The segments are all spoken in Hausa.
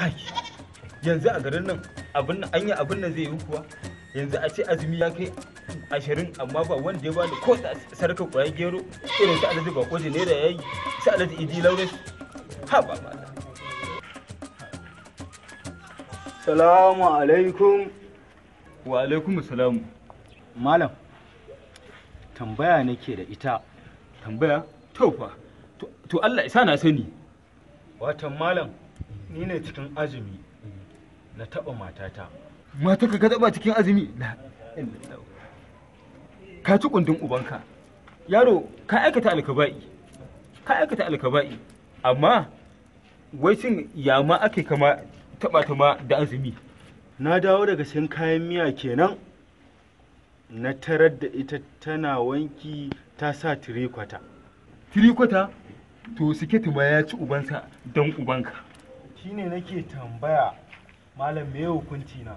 kai yanzu a garin nan abin nan anya abin nan zai yi kuwa yanzu a ce azumi ya kai ashirin amma ba wanda ya bani ko sarkar kwayan gero irin su alaji ba ko da ya yi su alaji idi laures ha ba ma salamu alaikum wa alaikum salamu malam tambaya nake da ita tambaya to fa to Allah isa na sani watan malam ni ne cikin azumi eh, na taɓa matata mata ka taɓa cikin azumi ka ci kundin ubanka yaro ka aikata alkaba'i ka aikata alkaba'i amma wai shin ya ma ake kama taɓa ta ma da azumi na dawo daga sayan kayan miya kenan na tarar da ita tana wanki ta sa tirikwata tirikwata to siketi ma ya ci ubansa don ubanka shine nake tambaya malam me hukunci na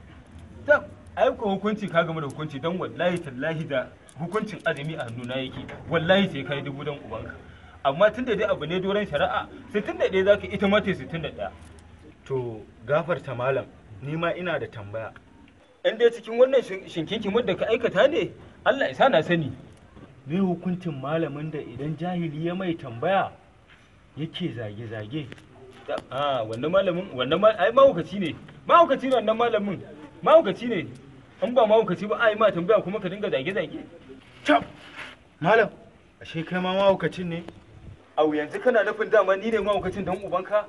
tab ai ko hukunci ka game da hukunci dan wallahi tallahi da hukuncin azumi a hannuna yake wallahi sai kai dubu dan ubanka amma tunda dai abu ne doron shari'a 61 zaka ita ma 61 to gafarta malam ni ma ina da tambaya in dai cikin wannan shinkinki mudda ka aikata ne Allah ya na sani me hukuncin malamin da idan jahili ya mai tambaya yake zage-zage a wannan malamin wannan ai mahaukaci ne mahaukaci ne wannan malamin mahaukaci ne an ba mahaukaci ba ai ma tambaya kuma ka dinga zage-zage tab malam ashe kai ma mahaukacin ne au yanzu kana nufin dama ni ne mahaukacin dan ubanka